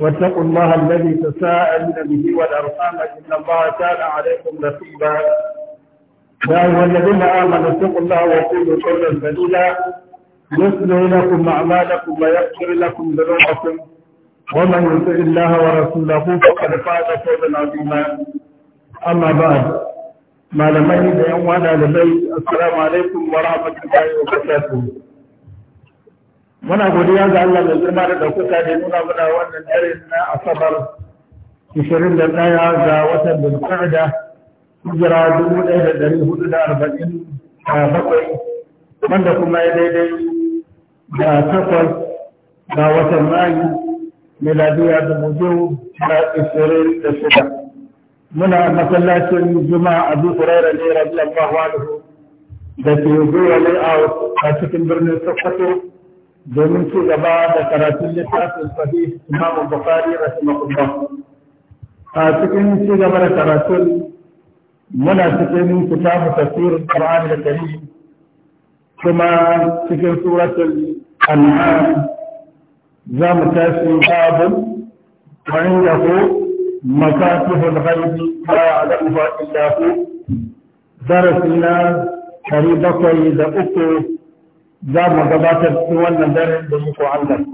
واتقوا الله الذي تساءلون به والأرحام إن الله كان عليكم رقيبا يا أيها الذين آمنوا اتقوا الله وقولوا قولا سديدا يصلح لكم أعمالكم ويغفر لكم ذنوبكم ومن يطع الله ورسوله فقد فاز فوزا عظيما أما بعد ما لم يجد يوم البيت السلام عليكم ورحمة الله وبركاته muna godiya ga Allah da girma da ɗaukaka da nuna muna wannan dare na asabar ɗaya ga watan da arba'in hijira bakwai wanda kuma ya daidai da takwas ga watan mayu miladiya da mujiyu na ishirin da shida muna masallacin juma'a abu hurairar ne rabiyallahu anhu da ke zuwa layout a cikin birnin sokoto domin ci gaba da karatun littafin sahih Imam Bukhari rahimahullah a cikin ci gaba da karatun muna cikin kitabu tafsir Qur'an da Karim kuma cikin suratul An'am za mu tashi babun wa indahu al ghaibi la ya'lamuha illa bakwai da uku. دار mu gabatar cikin wannan عندك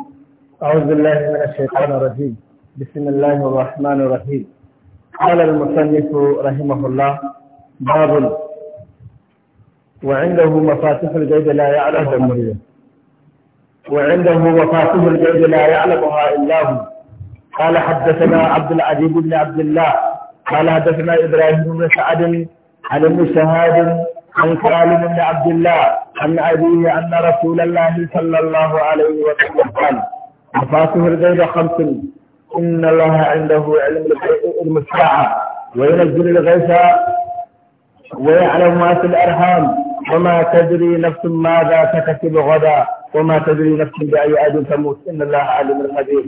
أعوذ بالله من الشيطان الرجيم بسم الله الرحمن الرحيم قال المصنف رحمه الله باب وعنده مفاتيح الجيد لا يعلمها وعنده مفاتيح الجيد لا يعلمها إلا هو قال حدثنا عبد العزيز بن عبد الله قال حدثنا إبراهيم بن سعد عن ابن شهاب عن سالم بن عبد الله عن أبيه أن رسول الله صلى الله عليه وسلم قال مفاتيح الغيب خمس إن الله عنده علم علم الساعة وينزل الغيث ويعلم ما في الأرحام وما تدري نفس ماذا تكتب غدا وما تدري نفس بأي أرض تموت إن الله عالم الحديث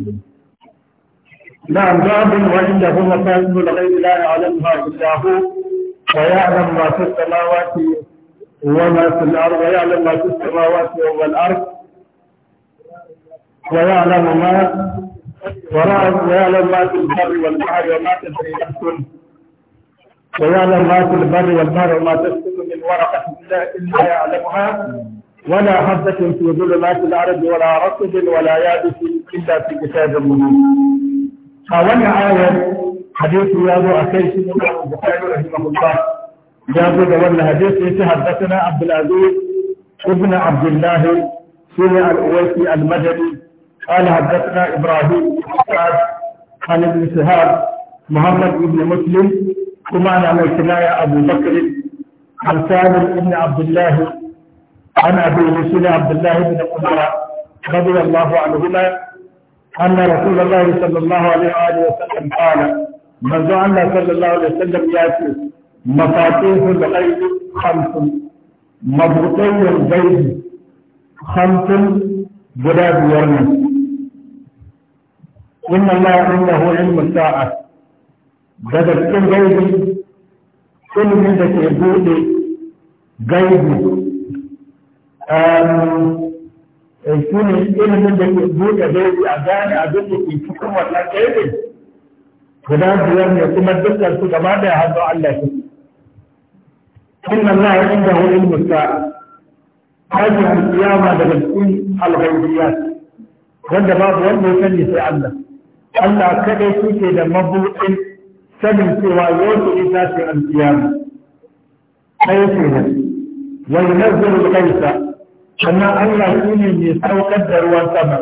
نعم باب وعنده مفاتيح الغيب لا يعلمها إلا هو ويعلم ما في السماوات وما في الأرض ويعلم ما في السماوات وما الأرض ويعلم ما ويعلم ما في البر والبحر وما تدري نفس ويعلم ما في البر والبحر وما تسكن من ورقة إلا يعلمها ولا حبة في ظلمات الأرض ولا رطب ولا يابس إلا في كتاب مبين. فوالآية حديث يابو أكيش البخاري رحمه الله يابو ولا حديث حدثنا عبد العزيز ابن عبد الله سمع الأويسي المدني قال حدثنا إبراهيم بن عن ابن سهاب محمد بن مسلم ومعنى عن أبو بكر عن سالم بن عبد الله عن أبي مسلم عبد الله بن عمر رضي الله عنهما أن رسول الله صلى الله عليه وآله وسلم قال manzo Allah sallallahu alaihi wasallam ya ce al ghaib khamsun al ghaib khamsun guda biyar ne inna Allah innahu ilmu sa'a daga cikin gaibi ilimin da ke bude gaibi shi ne ilimin da ke buɗe gaibi ehm, eh, a gane abin da ke cikin wannan gaibin guda biyar ne kuma dukkan su gaba da hannu Allah shi inna Allah ya inda hu ilmu sa hajjin kiyama daga cikin alghaibiyat wanda babu wanda ya sani sai Allah Allah kadai suke da mabuɗin sanin cewa yau ita ce alkiyama ɗaya ce ne wa yunazzilu al-ghaisa sannan Allah shine mai saukar da ruwan sama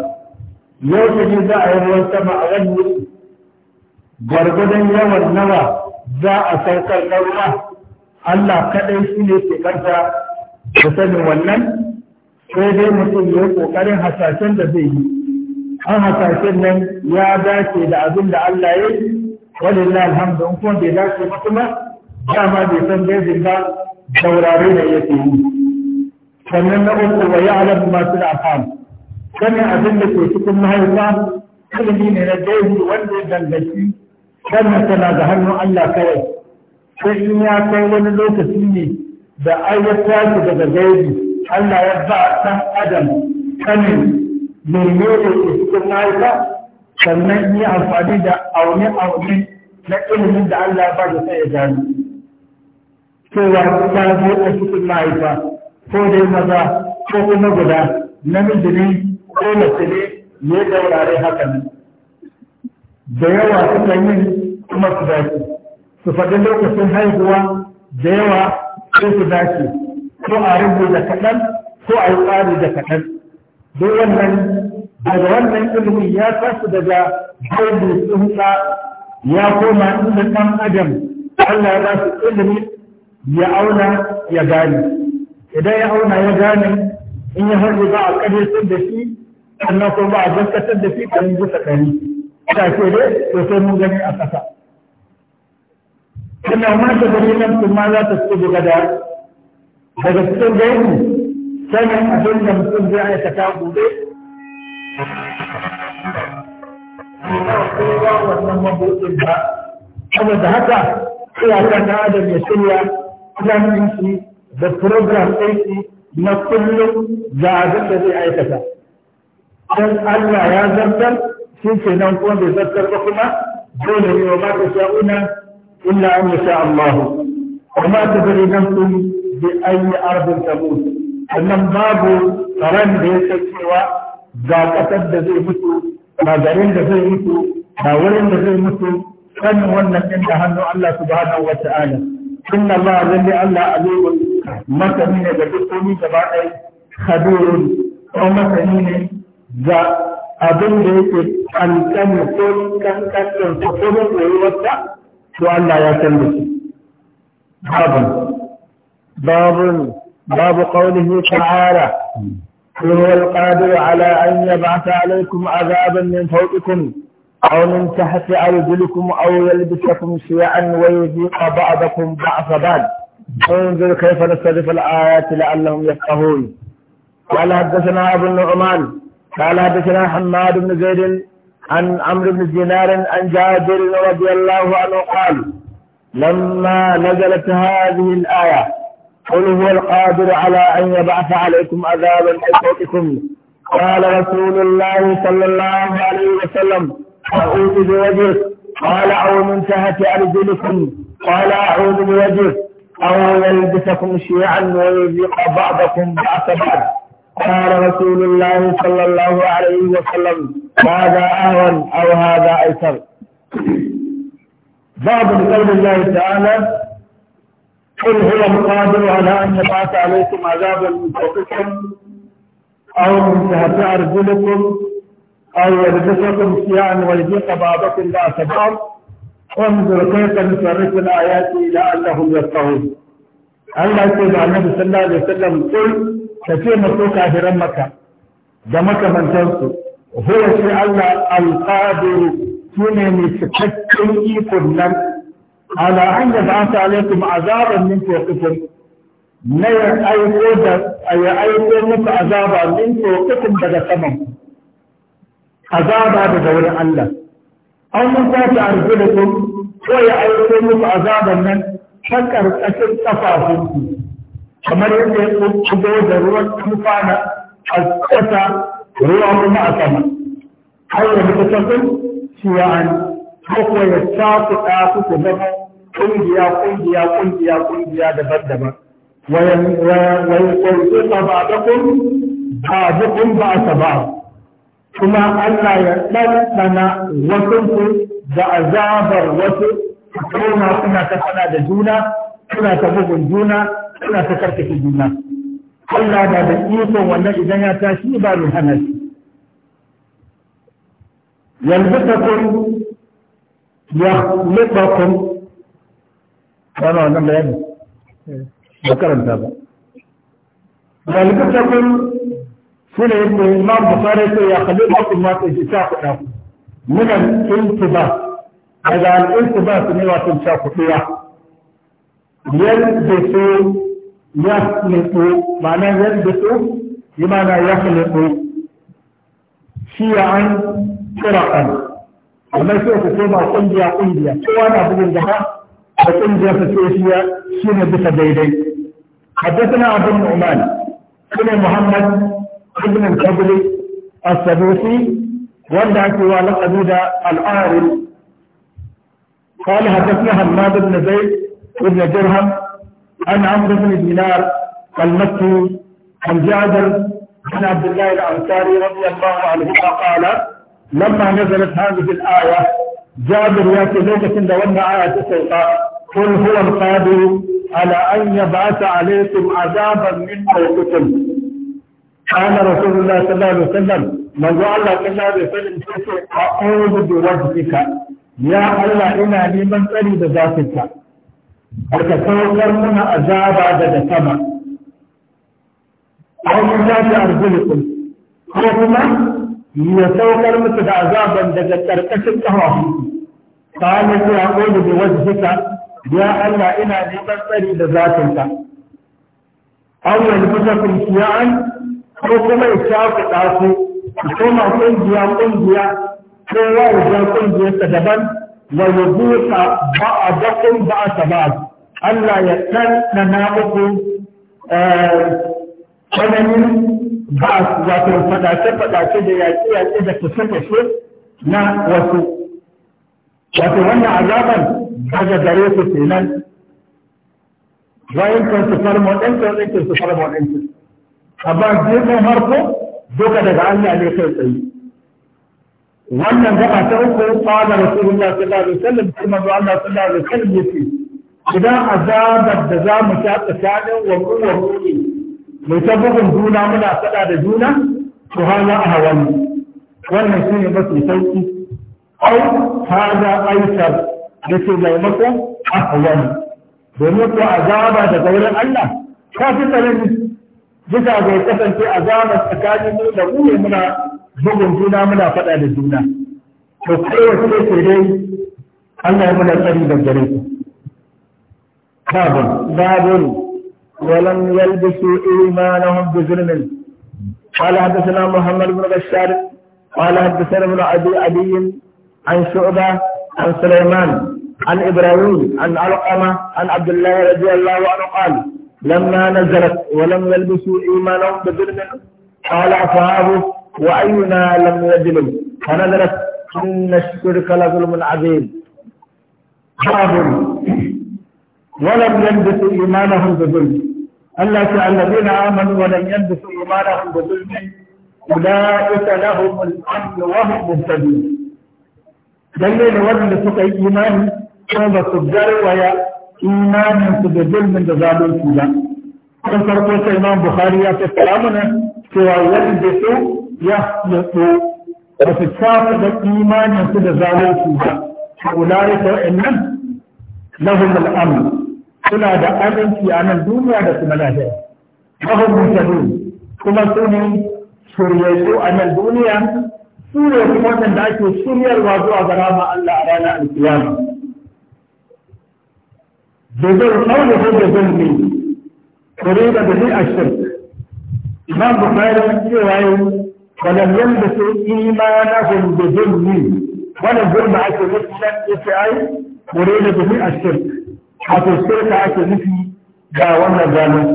yau ne za a yi ruwan sama a wani wuri gwargwadon yawan nawa za a saukar na Allah kaɗai shi ne ke karta da sanin wannan sai dai mutum ya ƙoƙarin hasashen da zai yi an hasashen nan ya dace da abin da Allah ya yi walillah alhamdu in kuma bai dace ba kuma dama bai san zai ba saurare da ya yi sannan na uku wa ya alamu masu da afam sanin abin da ke cikin mahaifa ilimi ne na gaibi wanda ya dangaci wannan tana da hannun Allah kawai sai in ya kai wani lokaci ne da ai ya daga gaibi Allah ya ba san adam kanin menene ke cikin mahaifa sannan yi amfani da aune aune na ilimin da Allah ba da sai ya gani. cewa ta zo a cikin mahaifa ko dai maza ko kuma guda namiji ne ko mace ne ya daurare haka nan da yawa suka yi kuma su dace su faɗi lokacin haihuwa da yawa sai su dace ko a rubuta kaɗan ko a yi tsari da kaɗan duk wannan daga wannan ilimin ya tasu daga gaibu tsuntsa ya koma inda ɗan adam Allah ya su ilimi ya auna ya gane idan ya auna ya gane in ya harbi ba a ƙarfi da shi sannan ko ba a gaskatar da shi a bisa ta ce dai to sai mun gani a ƙasa sannan ma ta gani nan kuma za ta ce daga da daga cikin gaibu sanin abin da mutum zai aikata gobe kowa wannan mabuɗin ba da haka iyakan na adam ya shirya plan da program ɗinki na kullum ga abin da zai aikata don Allah ya zartar shi ke nan kuma bai zartar ba kuma dole ne wa mata sha'una illa an yasha Allah wa ma tadri nafsun bi ayi ardin tamut sannan babu tsaron da ya san cewa ga kasar da zai mutu ga garin da zai mutu a wurin da zai mutu kan wannan din da hannu Allah subhanahu wa ta'ala inna Allah zalli Allah alimun masani ne ga dukkan gaba ɗaya khabirun ko ne za. abin da yake kankan ko kankan ko kuma rayuwarsa to Allah ya san da shi babun babun babu qawlihi ta'ala هو القادر على أن يبعث عليكم عذابا من فوقكم أو من تحت أرجلكم أو يلبسكم شيئا ويذيق بعضكم بعض بعض انظر كيف نستضيف الآيات لعلهم يفقهون قال حدثنا أبو النعمان قال حدثنا حماد بن زيد عن عمرو بن دينار عن جابر رضي الله عنه قال لما نزلت هذه الآية قل هو القادر على أن يبعث عليكم عذابا من فوقكم قال رسول الله صلى الله عليه وسلم أعوذ بوجهك قال أو من سهة أرجلكم قال أعوذ بوجهك أو يلبسكم شيعا ويذيق بعضكم بعض بعض قال رسول الله صلى الله عليه وسلم هذا أهون أو هذا أيسر بعض قول الله تعالى قل هو القادر على أن يبعث عليكم عذابا من فوقكم أو من تحت أرجلكم أو يلبسكم شيعا ويذيق بعضكم بأس بعض انظر كيف نصرف الآيات الى انهم يفقهون الله يقول عن النبي صلى الله عليه وسلم قل ka ce maso kafiran maka da makamantansu huwa shi Allah alqadiru shine mai cikakken ikon nan ala an yaba ta alaikum azaban min fawqikum na ya aiko da ya aiko muku azaba min daga saman azaba daga wurin Allah an mun ta ta arjulukum ko ya aiko muku azaban nan ta karkashin ƙafafunku. kamar yadda ya shigo da ruwan tufana a ƙasa ruwa kuma a sama har yanzu ta tafi shiya'an ko kuwa ya cakuɗa su ku zama ƙungiya ƙungiya ƙungiya ƙungiya daban-daban wayan ƙwarfi ka ba da kun ba da kun ba ta ba kuma Allah ya ɗanɗana wasu da azabar wasu su kuma suna ta da juna suna ta bugun juna suna ta karkashe juna Allah ba da ikon wannan idan ya tashi ba mai hana shi yanzu ta kun ya leɓa kun ba na wannan bayani ba karanta ba yanzu ta kun shi ne yadda imam bukari sai ya kalli ba ma ta shi ta kuɗa minan intiba daga al'intiba su ne wato ta kuɗiya yadda su يخلق معنى يلبس بمعنى يخلق شيعا شرقا وما sai في koma kungiya kungiya شو أنا bugun gaba da في ta tsofiya بس ديدي حدثنا عبد النعمان بن محمد ابن الكبل السدوسي وندعك ولقب العارف قال حدثنا حماد بن زيد بن جرهم عن عمرو بن دينار المكي عن جابر عن عبد الله الأنصاري رضي الله عنهما قال لما نزلت هذه الآية جابر ياتي لو لونا آية تسوقا قل هو القادر على أن يبعث عليكم عذابا من فوقكم قال رسول الله صلى الله عليه وسلم من قال الله صلى الله عليه وسلم أعوذ بوجهك يا الله إنا لمن تريد ذاتك aka saukar muna azaba daga sama aw min zati arjulikum ko kuma ya saukar musu da azaban daga karkashin kafafu kana ya qulu bi wajhika ya Allah ina neman tsari da zatinka aw yalbisakum shi'an ko kuma ya shafa dafu ko ma kungiya kungiya kowa ya ja kungiyarsa daban wa yubuka ba'adakum ba'ata ba'ad Allah ya ɗanɗana muku eh, tsananin ba wato faɗace-faɗace da yaƙe-yaƙe da kashe-kashe na wasu. Wato wannan azaban daga gare su kenan bayan kan su fara farma waɗancan waɗancan su fara farma waɗancan. Amma gefen harko duka daga Allah ne kai tsaye. Wannan gaba ta uku tsawon Rasulullah sallallahu alaihi wasallam kuma Allah sallallahu alaihi wasallam yake idan azabar da za mu sha tsakanin wabu ne mai ta bugun juna muna faɗa da juna to haza a hawan wannan shi ne mafi sauki au haza aikar da ke maimakon a hawan domin ko azaba da wurin Allah ta fi tsarin bisa ga ya kasance azabar tsakanin mu da mu muna bugun juna muna faɗa da juna to kowace ce dai Allah ya muna tsari da gare باب باب ولم يلبسوا إيمانهم بظلم قال حدثنا محمد بن بشار قال حدثنا ابن أبي علي عن شعبة عن سليمان عن إبراهيم عن علقمة عن عبد الله رضي الله عنه قال لما نزلت ولم يلبسوا إيمانهم بظلم قال أصحابه وأينا لم يظلم فنزلت إن الشرك لظلم عظيم ولم يلبسوا إيمانهم بظلم الله الذين آمنوا ولم يلبسوا إيمانهم بظلم أولئك لهم الأمن وهم مهتدون دليل وزن سوء إيمان كما تبدر ويا إيمان بظلم لظالم فيها kan farko sai Imam Bukhari ya ce kalamuna cewa wanda su ya yatsu ba su shafa da imanin su da zalunci ba ulaika wa'annan lahum al-amn suna da aminci a nan duniya da kuma lafiya lahum muhtadun kuma su ne shiryayyu a nan duniya su ne kuma wanda ake shiryarwa zuwa ga rama Allah a ranar alkiyama jazar qawluhu da zulmi qurida bihi ash-shirk imam bukhari cewa yau ولم يلبسوا إيمانهم بظلم ولا ظلم عكس مثلا da أريد به الشرك wato sai ake nufi ga wannan zalim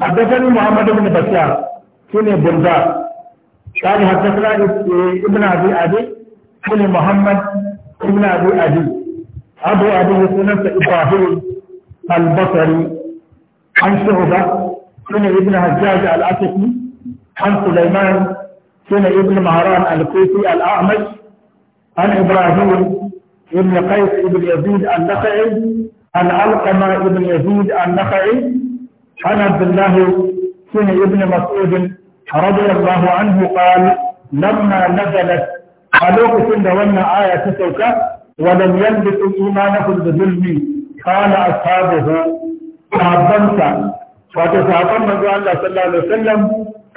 haddathani muhammad ibn bashar shine burda kani haddathana ibn abi adi shine muhammad ibn abi adi abu adi ya sunanta ibrahim al an shuhba shine ibn hajjaj al-asafi عن سليمان كان ابن مهران الكوفي الأعمش عن إبراهيم ابن قيس ابن يزيد النخعي عن علقمة ابن يزيد النخعي عن عبد الله سنة ابن مسعود رضي الله عنه قال لما نزلت قالوا كنا وانا آية سوكا ولم يلبسوا إيمانه بظلم قال أصحابه تعبنت فتسعطن من الله صلى الله عليه وسلم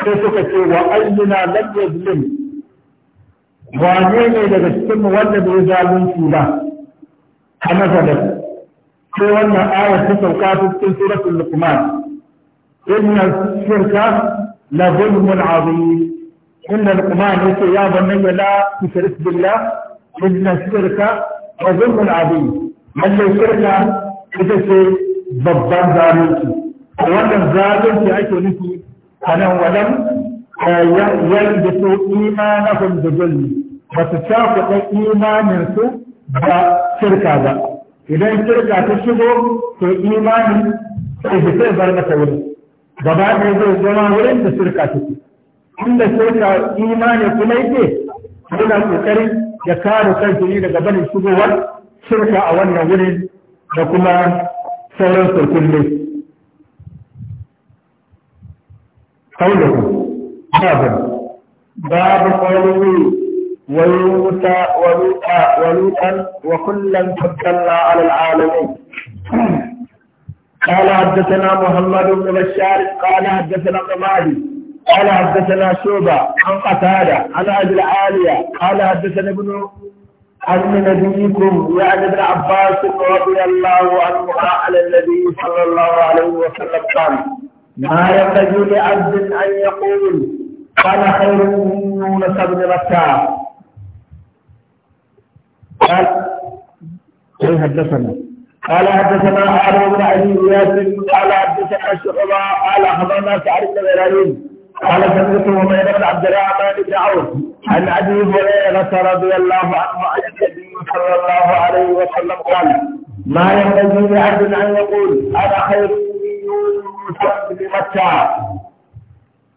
تسوك وأينا لم يظلم وعنيني ne daga cikin wanda bai zalunci ba sai wannan ayar ta sauka ta cikin suratul luqman inna shirka la zulmun azim inna luqman yace ya bunayya la tushrik billah inna shirka la zulmun azim lalle shirka ita ce babban zalunci wannan zalunci ake nufi a nan wadan eh, yanda su imanahum da zulmi ba su shafi imanin su ba shirka ba idan kirga ta shigo to imani sai shi sai bar masa wuri gaba ɗaya zai zama wurin da shirka take inda shirka imani kuma yake yana kokarin ya kare kansa ne daga barin shigowar shirka a wannan wurin da kuma sauran surkulle kaulahu babu babu kaulahu ويوسى ولوطا ولوطا وكلا فضلنا على العالمين قال حدثنا محمد بن بشار قال حدثنا قمادي قال حدثنا شوبة عن قتادة عن أبي العالية قال حدثنا ابن عن نبيكم يعني ابن عباس رضي الله عنه قال النبي صلى الله عليه وسلم قال ما ينبغي لعبد أن يقول أنا خير من يونس بن متى قال قل حدثنا قال حدثنا عمرو بن علي ياسر قال حدثنا الشعراء قال اخبرنا سعد بن ابراهيم قال سمعت عمير بن عبد الرحمن بن عوف عن ابي هريره رضي الله عنه عن النبي صلى الله عليه وسلم قال ما ينبغي لعبد ان يقول انا خير من يوسف بمكه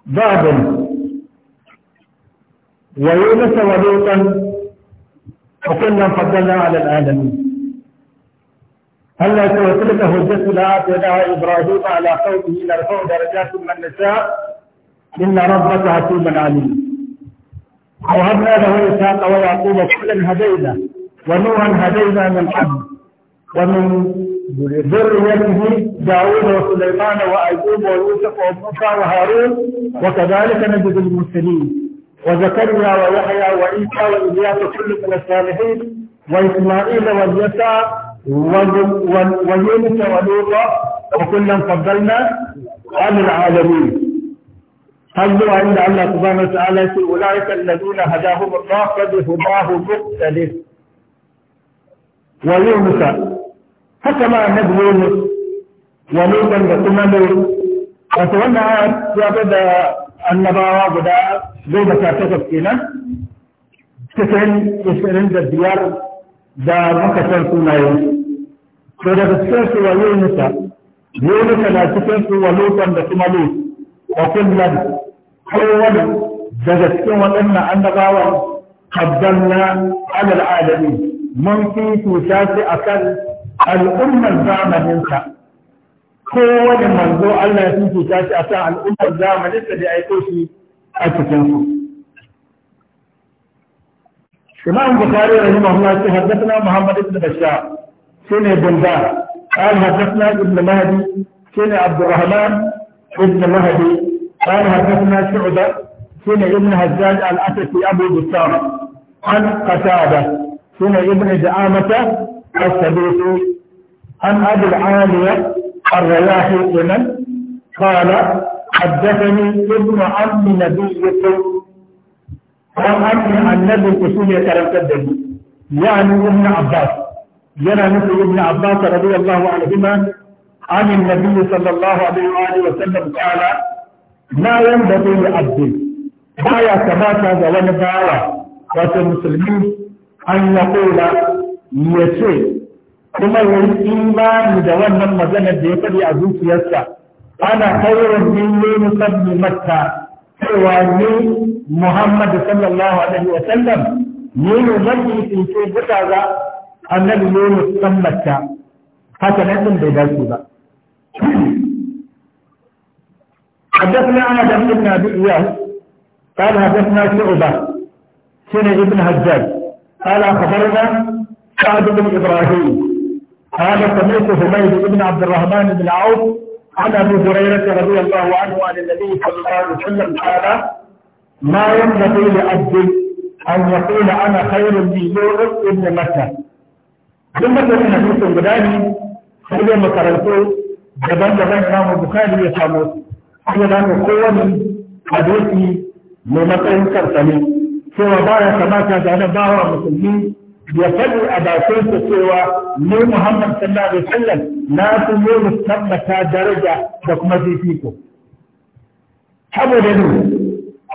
باب ويونس ولوطا وكلا فضلنا على العالمين هلا وتلك هجة لا تدعى إبراهيم على قومه نرفع درجات من نشاء إن ربك حكيم عليم وهبنا له إسحاق ويعقوب كلا هدينا ونوحا هدينا من قبل ومن ذريته داوود وسليمان وأيوب ويوسف وموسى وهارون وكذلك نجد المرسلين وزكريا ويحيى وعيسى وإلياس كل من الصالحين وإسماعيل واليسع ويونس ولوطا وكلا فضلنا على العالمين هل عند الله سبحانه وتعالى في أولئك الذين هداهم الله فبهداه مختلف ويونس فكما النبي يونس ولوطا وكما لوط وتولى يا بدا النبارة بدأ goma ta takwas kenan cikin ishirin da biyar da muka san sunayen to daga cikin su wa yunusa yunusa na cikin su wa lutan da kuma lut a kullum kowane daga cikin waɗannan annabawan qaddalna ala alalamin mun fi tuta shi kan al'ummar zamaninsa kowane manzo Allah ya fi tuta shi kan al'ummar zamaninsa da aiko shi a cikinsu imam bukhari rahimahullah ce محمد بن بشار bashar shine bunda قال حدثنا ابن مهدي سنة عبد الرحمن ابن مهدي قال حدثنا شعبة سنة ابن هزاج الأسفي أبو بسام عن قتادة سنة ابن دعامة السبيسي عن أبي العالية الرياحي لمن قال حدثني ابن عم نبيكم وأن النبي الأصول يترك الدليل يعني ابن عباس يرى مثل ابن عباس رضي الله عنهما عن النبي صلى الله عليه وآله وسلم قال ما ينبغي لعبد ما يتماتى ولن باوى وكمسلمين أن يقول يشيء kuma yayi imani da wannan maganar da ya faɗi a zuciyarsa ana khairun min yunus ibn matta cewa ni muhammad sallallahu alaihi wa sallam ni ne mafi tsince buta za annabi yunus ibn matta haka nan bai dace ba حدثنا آدم بن أبي إياس قال حدثنا شعبة سنة ابن هجاج قال أخبرنا سعد بن إبراهيم قال سمعت حميد بن عبد الرحمن بن عوف عن أبي هريرة رضي الله عنه عن النبي صلى الله عليه وسلم قال ما ينبغي لعبد أن يقول أنا خير لي يوسف ابن متى ثم تكون حديث بداني sai mu karanto daban-daban imamu bukari ya samu kuma za mu kowane hadisi mai matsayin karsani cewa baya ya kamata ga bawa musulmi ya faɗi a bakinsa cewa ni Muhammad sallallahu alaihi wasallam na fi musamman ta daraja da kuma fifiko. Saboda ne,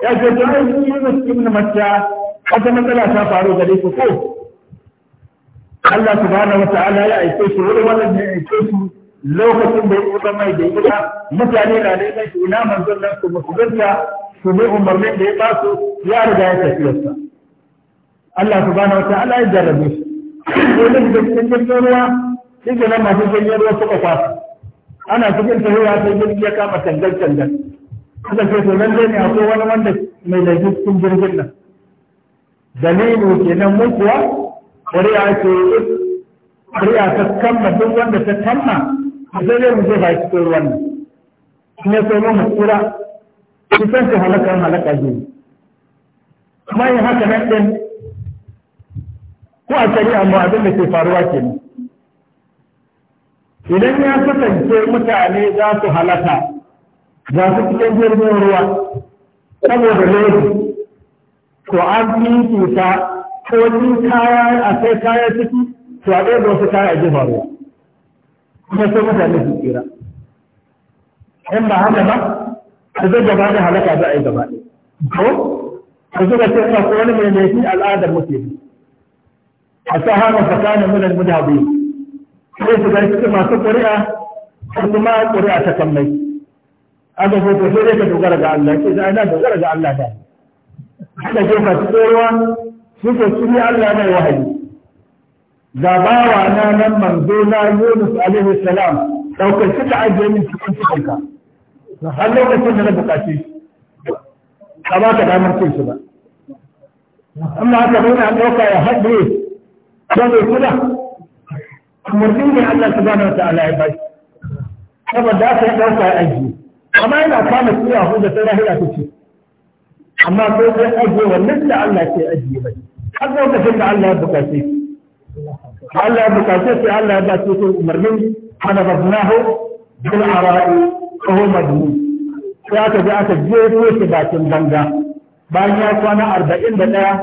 ya ce ta yi Yunus ibn Matta wata matsala ta faru gare ku ko? Allah subhanahu wa ta'ala ya aike shi wani wannan ya aike shi lokacin da ya ba mai da ita mutane na ne shi ina manzon nan su musulunta su ne umarnin da ya ba su ya riga ya tafiyarsa. Allah subhanahu wa ta'ala ya jarrabe su ko da cikin jirgin ruwa sai ga nan masu jirgin ruwa suka kwasa ana cikin tafiya sai jirgin ya kama tangal tangal suka ce to lalle ne akwai wani wanda mai laifin cikin jirgin nan dalilu kenan mu kuwa ƙuri'a ce ƙuri'a ta kamma duk wanda ta kamma a sai dai mu je ba cikin ruwan nan in ya so mu tsira kusan ta halakar halaka biyu kuma yin haka nan ɗin ko a shari'a mu abin da ke faruwa ke ne. idan ya kasance mutane za su halata, za su cikin jirgin ruwa saboda lodi to an ta ko ni kaya a kai kaya ciki to a ɗaya wasu kaya a jefa ruwa kuma sai mutane su tsira in ba haka ba a zai gaba da halaka za a yi gaba ɗaya ko a zuba ce ko wani mai laifi al'adar mutane. fasahama fakana min al-mudhabi sai su ga cikin masu ƙuri'a ko kuma ƙuri'a ta kammai aga ko ko sai ka dogara ga Allah ke da ina dogara ga Allah da haka ke ka tsorowa su ko su Allah mai wahayi gabawa na nan manzo na Yunus alaihi salam daukar shi ta ajiye min cikin ka. har lokacin da na bukace shi ba ba ka damar cin shi ba amma haka nuna ɗauka ya haɗe ko bai kula umarni ne Allah subhanahu wa ta'ala ya bai saboda haka ya dauka ya aji amma yana kama tsiya hu da sai ta ce amma ko sai aje wannan da Allah ke aje bai har lokacin da Allah ya bukace Allah ya bukace sai Allah ya ba shi umarnin hana babnahu bil ara'i ko madhu sai aka ji aka jefo shi bakin banga bayan ya kwana arba'in da ɗaya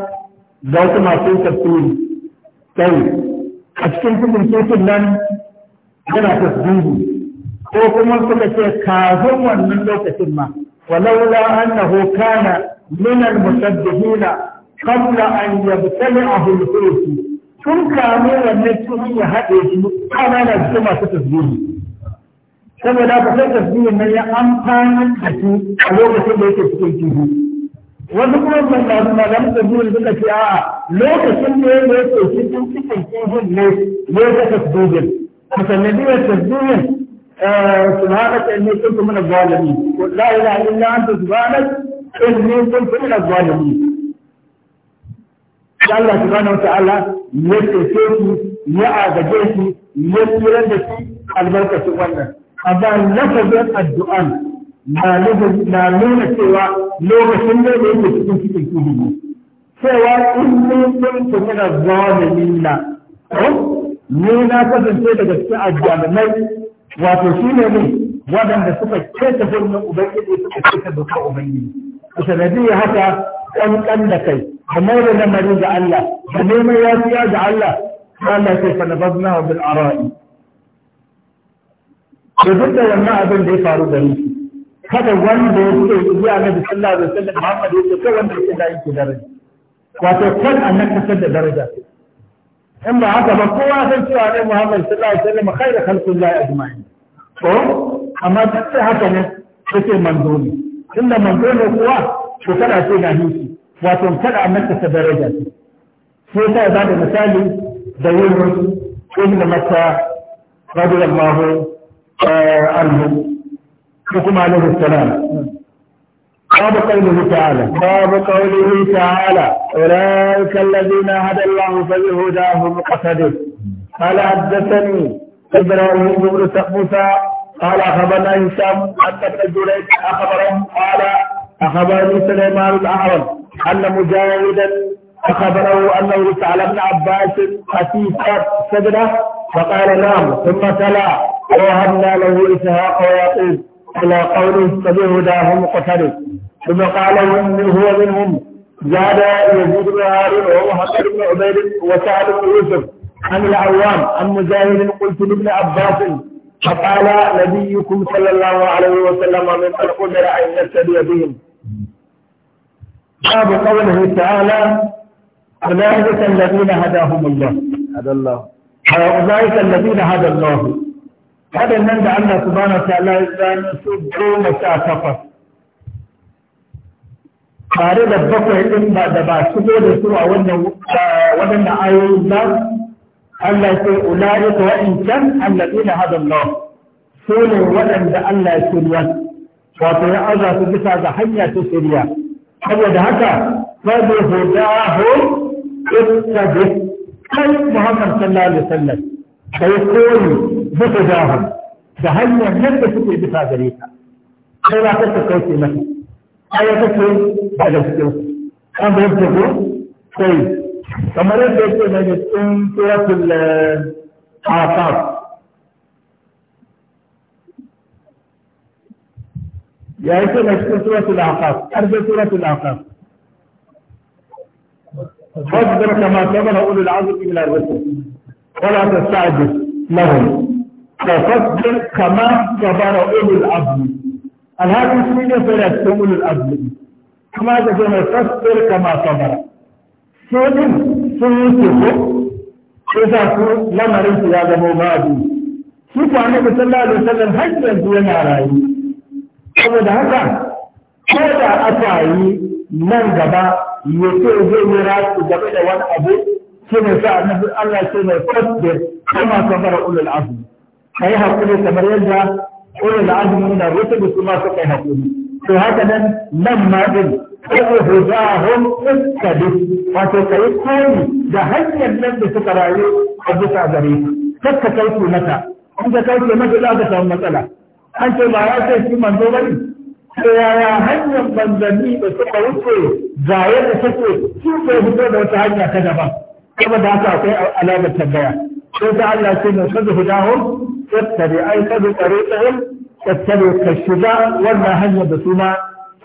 ga wasu masu tafsiri tsayi a cikin kudin sosin nan yana tasbihi ko kuma suka ce kafin wannan lokacin ma walaula annahu kana min al-musabbihin qabla an yabtali'ahu al-fulk tun kamin wannan cikin ya haɗe shi ana da cikin masu tasbihi saboda ka sai tasbihin nan ya amfani da shi a lokacin da yake cikin kifi wani kuma masu maganin da biyu suka ce a lokacin da ya ne ke cikin cikin kihun ne ya yi kasa su tasbihin musamman su biyar tasbihin eh, subhanaka inni kuntu min az-zalimin la ilaha illa anta subhanaka inni kuntu min az-zalimin Allah subhanahu wa ta'ala ya cece shi ya agaje su ya tsirar da su albarkacin wannan amma lafazin addu'an na nuna cewa lokacin da da yake cikin cikin kudu cewa in mun kun ku mina zalimin na ni na kasance daga cikin azzalumai wato shi ne ne waɗanda suka keta birnin ubangiji suka keta duka ubangiji a ya haka ƙanƙan da kai da maida lamari ga Allah da neman yafiya ga Allah Allah sai fa bil ara'i to duk da wannan abin da ya faru gari kada wanda ya ce ji annabi sallallahu alaihi wasallam Muhammad ya ce kai wanda ya ce da yake daraja wato kan annabi kasar da daraja in ba haka ba kowa san cewa ne Muhammad sallallahu alaihi wasallam khairu khalqillahi ajma'in to amma duk da haka ne kace manzo ne tunda manzo ne kuwa to kada ce na hisi wato kada annabi kasar daraja ce sai sai ba bada misali da yin ibn Matta radiyallahu eh, anhu حكم عليه السلام باب قوله تعالى باب قوله تعالى أولئك الذين هدى الله فبهداه مقتدر قال حدثني إبراهيم بن موسى قال أخبرنا هشام أن ابن جريج أخبرهم قال أخبرني سليمان الأعرج أن مجاهدا أخبره أنه سأل ابن عباس خسيفة صدره فقال نعم ثم تلا وهبنا له إسحاق ويعقوب على قوله فبهداه مقتدر ثم قال من هو منهم زاد يزيد بن هارون ومحمد بن عبيد وسعد بن يوسف عن العوام عن مجاهد قلت لابن عباس فقال نبيكم صلى الله عليه وسلم من الامر ان نهتدي بهم باب قوله تعالى اولئك الذين هداهم الله هدى الله اولئك الذين هدى الله waɗannan da Allah subhanahu ta ta'ala ya zano su goma sha takwas tare da bakwai ɗin ba da ba shigo da su a wannan waɗannan ayoyin ba Allah ya ce ulai ka wa'incan alladina hada Allah su ne waɗanda Allah ya shirya wato ya aza su bisa ga hanya ta shirya saboda haka sabu hudahu ittabi kai Muhammad sallallahu alaihi wasallam فيقول بتجاهل فهل يعتقد في الاتفاق ذريتها؟ أو لا تتكلم في المسجد؟ أو تكلم بعد الفتوح؟ أم ينتجوا؟ طيب ثم رد يقول أن يكون سورة الآثار يا ايها الأعقاب، امنوا سورة الأعقاب. حق كما ولا تموتن الا وانتم مسلمون ولا تستعجل لهم فصبر كما صبر أولو الأبل الهادي سنة فلات أولو الأبل كما تقول فصبر كما صبر سنة سنة sai su lamarin su ya zama babu shi ko annabi sallallahu alaihi wasallam har yanzu yana rayu saboda haka ko da aka yi nan gaba yace zai yi rasu game da wani abu shi ne sa annabi Allah shi ne fasbir kama sabara ulul azmi kai hakuri kamar yadda ulul azmi na rusul su ma suka yi hakuri to haka nan nan ma din ko hujahum iskadu wato kai koyi da hanyar nan da suka rayu a bisa gare ka kakka kauce mata in ka kauce mata za ka samu matsala an ce ba ya ce shi manzo bane yaya hanyar manzanni da suka wuce zaye da suke su ke fito da wata hanya ta daban saboda haka akwai alamar tambaya sai ta Allah ce mai kazu hudahum tattabi ai kazu tsare-tsaren tattabi ka shiga wannan hanyar da su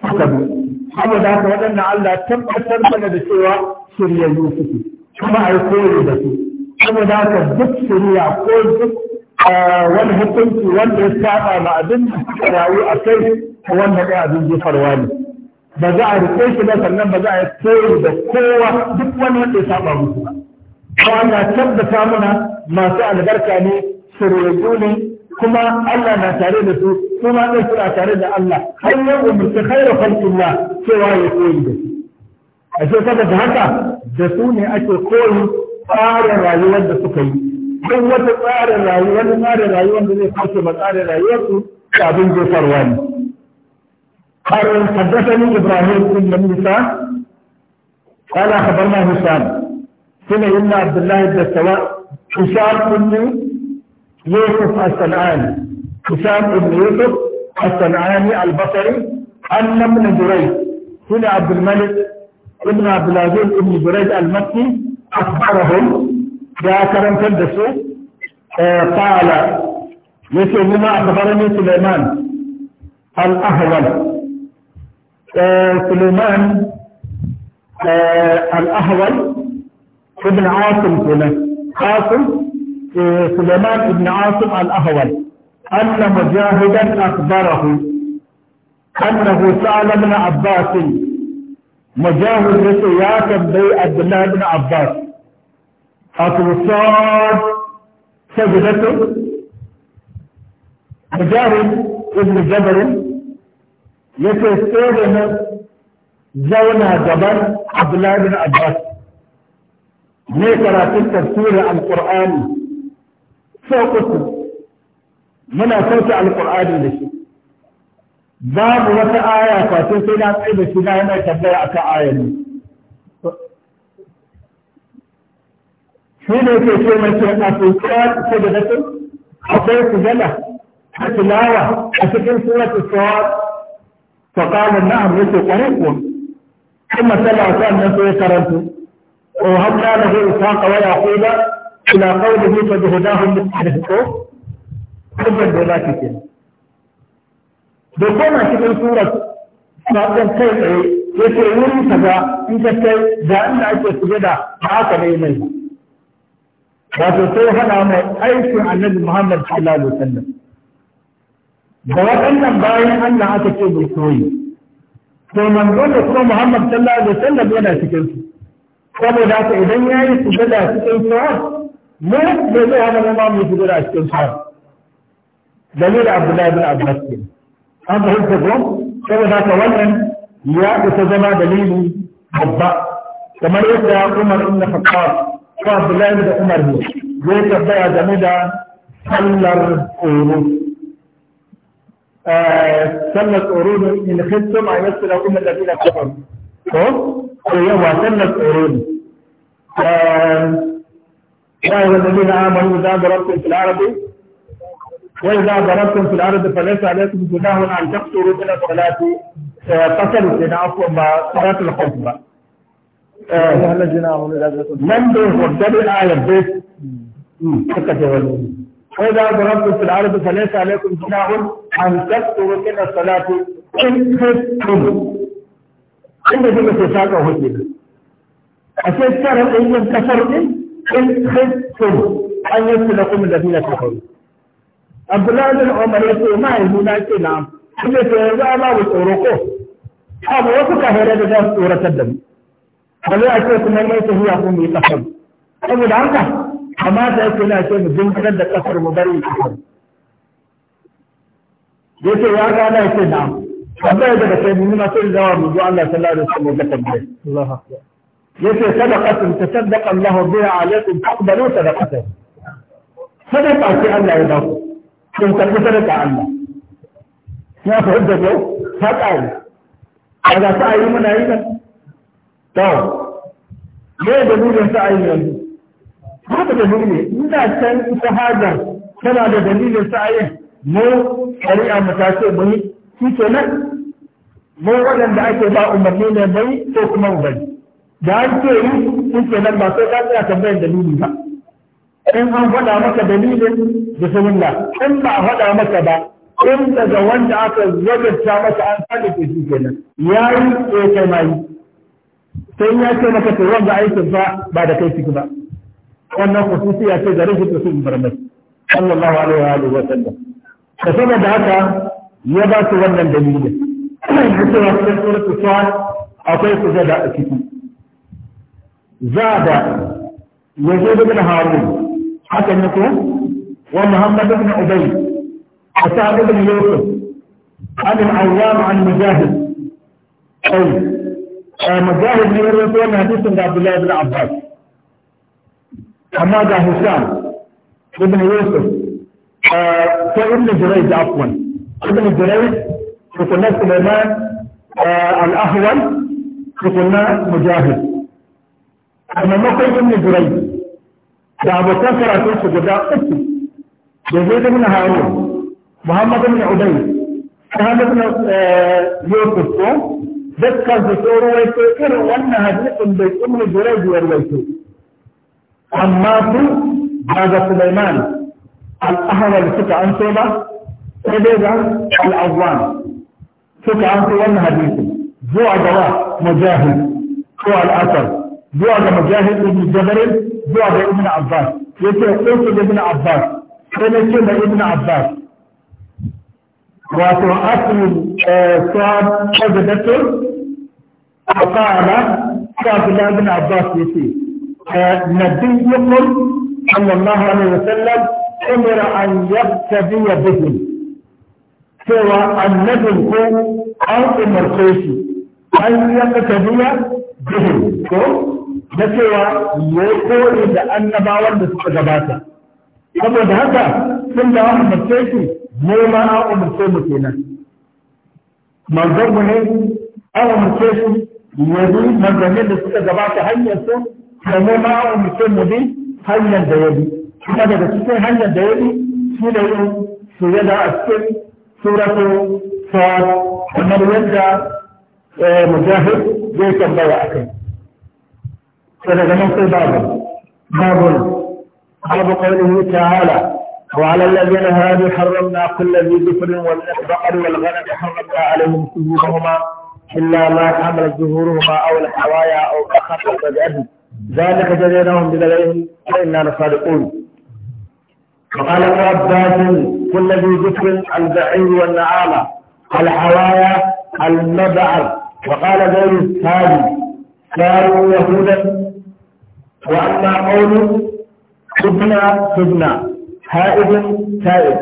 suka bi saboda haka waɗannan Allah tabbatar mana da cewa shiryayyu suke kuma ai koyi da su saboda haka duk shirya ko duk wani hukunci wanda ya saba ma abin da rayu a kai wannan ɗaya abin jefarwa ne ba za a rike shi ba sannan ba za a yi koyi da kowa duk wani wanda ya saba musu ba na can tabbata samuna masu albarka ne surayyu ne kuma Allah na tare da su kuma ɗan suna tare da Allah har yau umarci khairu khalqillah cewa ya koyi da su a ce saboda haka da su ne ake koyi tsarin rayuwar da suka yi duk wata tsarin rayuwar rayuwar da zai kashe ba tsarin rayuwar su abin jefarwa ne قال حدثني إبراهيم بن موسى قال أخبرنا هشام سمع إن عبد الله بن السواء هشام بن يوسف الصنعاني هشام بن يوسف الصنعاني البصري أن ابن جريج سمع عبد الملك ابن عبد العزيز بن جريج المكي أخبرهم يا كرم تلبسوا آه، قال يسلم أخبرني سليمان الأهول آه، سليمان آه، الأهول ابن عاصم هنا عاصم آه، سليمان ابن عاصم الأهول أن مجاهدا أخبره أنه سأل ابن عباس مجاهد رسياتا بي عبد الله بن عباس أتصاد سجدته مجاهد ابن جبل ya ce da nan zauna gaban abdullahi bin abbas ne karatun tafsirin alkur'ani sau uku muna sauke alkur'ani da shi babu wata aya kwato sai na tsaye da shi na yana tambaya a kan ayar ne. Shi ne ke ce mai ce a tsokiya ce da nasu akwai sujada a tilawa a cikin suratu sawar fa na na'am yake kwarai kuwa kuma sallallahu alaihi wasallam sai karanto wa habla lahu isaqa wa yaquba ila qawlihi fa bihudahu mutahaddiqu kubban da zaki ke da kuma cikin surat sabon kai tsaye yake wurin kaza in ka kai da inda ake sujada ba aka ne mai wato sai hana mai aikin annabi Muhammad da waɗannan bayan Allah aka ce bai soyi to manzo da kuma Muhammad sallallahu alaihi wasallam yana cikin su saboda haka idan yayi sujada cikin su mu da zai hana mu mu sujada cikin su dalil Abdullah bin Abbas ne an fahimta ko saboda haka wannan ya ta zama dalili babba kamar yadda Umar ibn Khattab ko Abdullah da Umar ne zai tabbaya game da sallar tsoro سلت قرون إن خفتم أن يسلوا إن الذين كفروا ويوى سلت قرون يا أيها الذين آمنوا إذا ضربتم في الأرض وإذا ضربتم في الأرض فليس عليكم جناح أن تقصروا آه، آه، من الصلاة فصلوا لنا عفوا صلاة الخطبة. لم يكن تبع آية بيت. فإذا ضربت في العرض فليس عليكم جناح أن تكتبوا من الصلاة إن خفتم إن جملة ساقة هجبة أتذكر أن انكسرتم إن خفتم أن يسلكم الذين كفروا عبد الله بن عمر يقول ما إيه نعم. يقول لك نعم إن يتوزع ما بتورقه هذا وفق هذا الجزء سورة الدم فلا أتذكر من يسهي يقوم يتخذ أبو العنكه kamata yake na ce mu jinkirar da kasar mu bari kasar ya ce ya gana ya ce na tambaya daga sai mu nuna sai zawa mu zuwa Allah sallallahu alaihi wasallam ga tambaya Allahu akbar yace sadaqatun tasaddaqa Allah biha alaikum taqbalu sadaqatan sadaqa ce Allah ya dawo kun karbi sadaqa Allah ya fahimta ko ta kai kaga sai yi muna yi nan to me da dudin sai yi yanzu haka da ne ina can ita hajar tana da dalilin sa'ayin mu shari'a mu ta ce mu yi shi mu waɗanda ake ba umarni ne mai ko kuma umarni da an ce yi shi nan ba sai ka tsaya tambayar dalili ba in an faɗa maka dalilin da sunna in ba a faɗa maka ba in daga wanda aka wajabta maka an sani ke shi nan yayi ko eh, kai ma yi sai ya ce maka to wanda aikin ba ba da kai ciki ba wannan khususiya ce da rashin rasul barmai sallallahu alaihi wa sallam da saboda haka ya ba su wannan dalilin da cewa cikin suratul sa'ad akwai sujada a ciki zada yazid ibn harun haka ne ko wa muhammad ibn ubay sa'ad ibn yusuf عن العوام عن مجاهد أي مجاهد من الرسول حديث عبد الله بن عباس حمادة هشام ابن يوسف ابن آه، جريج عفوا ابن جريج وقلنا سليمان آه، الأهول وقلنا مجاهد ما مقل ابن جريج ده أبو كفر أتوسف ده أتوسف يزيد بن هارون محمد بن عبيد آه، كان بن يوسف ذكر بصوره ويتذكر وأن هدف بيت ابن جريج ورويته amma su ba ga Sulaiman al'ahawar suka an so ba sai dai ga al'awwan suka an so wannan hadisi zuwa ga wa mujahid ko al'asar zuwa ga mujahid ibn jabarin zuwa ga ibn abbas yace ko su ibn abbas sai na ce da ibn abbas wato asli sa'ad kaza dakir a kana ka ibn abbas yace يقول صلى الله عليه وسلم أمر أن يقتدي بهم سوى النبي أو أمركيش أن يقتدي بهم da cewa ya kore da annabawan da suka gabata saboda haka sun da wani mace shi mu ma umarce mu kenan manzon mu ne an umarce shi yanzu manzannin da suka gabata hanyar su domin ma mutum mu bi hanyar da ya bi kuma daga cikin hanyar da ya bi shi ne yin sujada a cikin suratu sa'ad kamar yadda mujahid zai tambaya a kai sai daga nan sai babu babu babu qawlihi ta'ala وعلى الذين هادوا حرمنا كل ذي ذكر والبقر والغنم حرمنا عليهم سجودهما إلا ما حملت ظهورهما أو الحوايا أو أخذت بأبي ذلك جزيناهم ببغيهم وإنا لصادقون وقال ابن عباس كل ذي ذكر البعير والنعامة الحوايا المبعر وقال غير الثاني كانوا يهودا وأما قول سبنا سبنا هائب تائب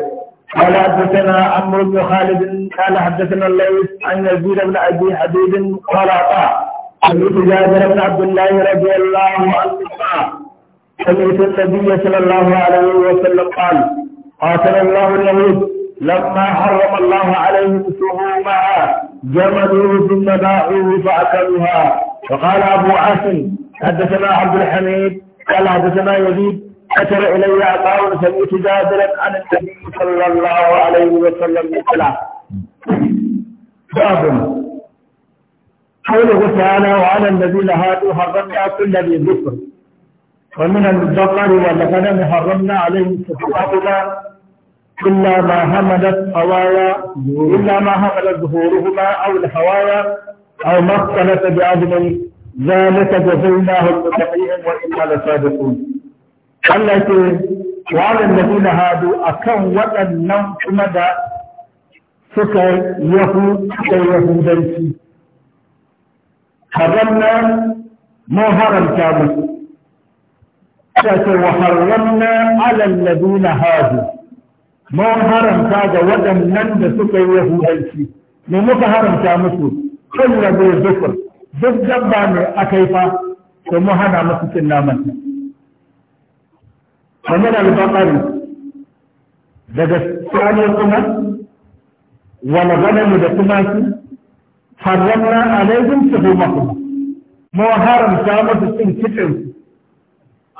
قال حدثنا عمرو بن خالد قال حدثنا الليث عن يزيد بن ابي حبيب قال اعطاه حديث جابر بن عبد الله رضي الله عنه حديث سمعت النبي صلى الله عليه وسلم قال قاتل الله اليهود لما حرم الله عليهم سهومها جمدوا ثم باعوه فاكلوها وقال ابو عاصم حدثنا عبد الحميد قال حدثنا يزيد أشر إلي عطاء سمعت جابرا عن النبي صلى الله عليه وسلم قال قوله تعالى وعلى الذين هادوا حرمنا كل ذي ذكر ومن الذكر والغنم حرمنا عليهم سبحاننا إلا ما حملت هوايا إلا ما حملت ظهورهما أو الهوايا أو ما اختلف بعدل ذلك جزيناهم ببغيهم وإنا لصادقون التي وعلى الذين هادوا أكن وأنهم كما سكر يهود كيهودنسي حرمنا مو هرم كامل وحرمنا على الذين هادوا مو هرم كاد ودم نند سكيه هلسي نمك هرم كامل كل ذو ذكر ذو الدبا من أكيفا ومهنا مسك النامن ومن البقر لدى السؤال يقول ومن غنم لدى حرمنا عليهم سهومهم ما حرم سامر سن كتن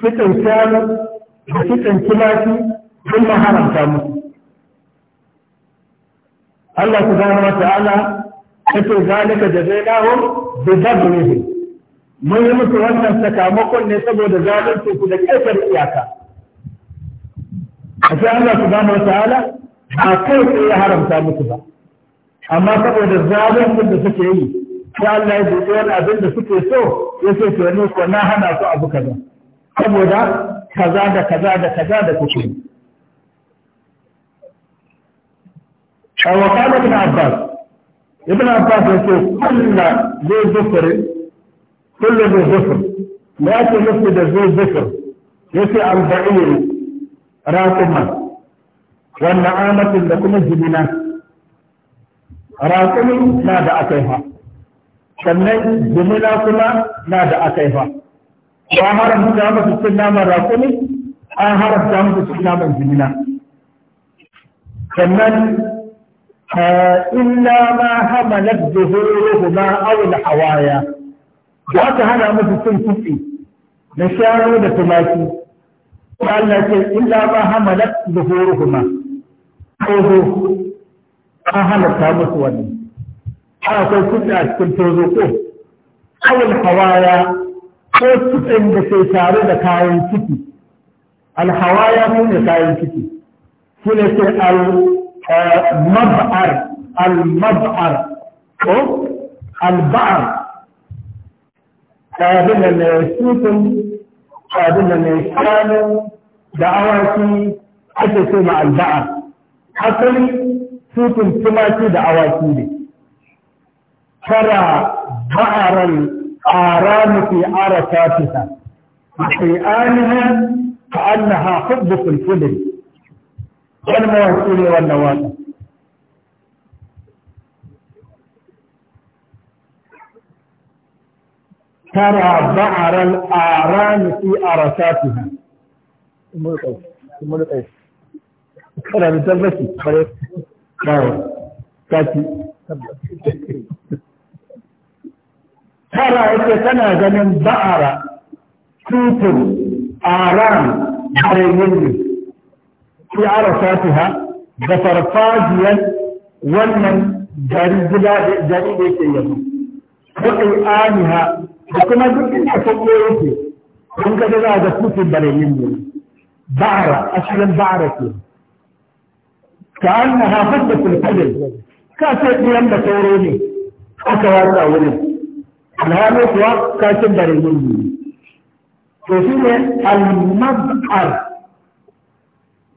كتن سامر وكتن كلاكي كل ما حرم سامر الله سبحانه وتعالى كتن ذلك جزيناهم بذبرهم ما يمت وانا سكامكم نسبوا لذلك تقول كيف رئياك أشياء الله سبحانه وتعالى أكيد إيه حرم سامر amma saboda zaben da suke yi sai Allah ya buɗe wani abin da suke so ya ce to ne ko na hana su abu kaza saboda kaza da kaza da kaza da kuke yi a wakana ibn Abbas ibn Abbas ya ce kulla zai zufuri kulla zai zufuri da ya ce nufi da zai zufuri ya ce alba'iru rakuman wannan amatin da kuma jimina raƙumi na da aka yi fa, sannan jimina kuma na da aka yi fa ba haramta musu cin naman raƙumi an haramta musu cin naman jimina sannan eh, illa ma hamalat zuhuruhuma aw awul hawaya da aka hana musu cin kitse na sharo da tumaki Allah ce illa ma hamalat zuhuruhuma ko an halatta musu wannan har akwai kuɗi a cikin tozo ko awul hawaya ko da sai tare da kayan ciki alhawaya su ne kayan ciki su ne ce al-mab'ar eh, al-mab'ar ko al-ba'ar abin da mai sutun abin da mai shanu da awaki ake ce ma al-ba'ar asali sufin tumaki da awaki ne tara ba'aran aramu fi arata fita fi aniha ta annaha hubbu fulfulin wani mawaki ne wannan waka ترى بعر الآرام في أرساتها ثم نقيس ثم نقيس ترى من kawo kati tara yake tana ganin ba'ara tutur aram bayanin ne fi arafatiha da farfajiyar wannan gari gida gari da yake yabo kuɗi aniha da kuma duk inda kogo yake kun ga za ga tutun bayanin ne ba'ara asalin ba'ara ke ka an na hafar da kulkulin ka ce ɗiyan da sauro ne aka watsa wurin alhalo kuwa ka ce bare yin ne to shi ne almazar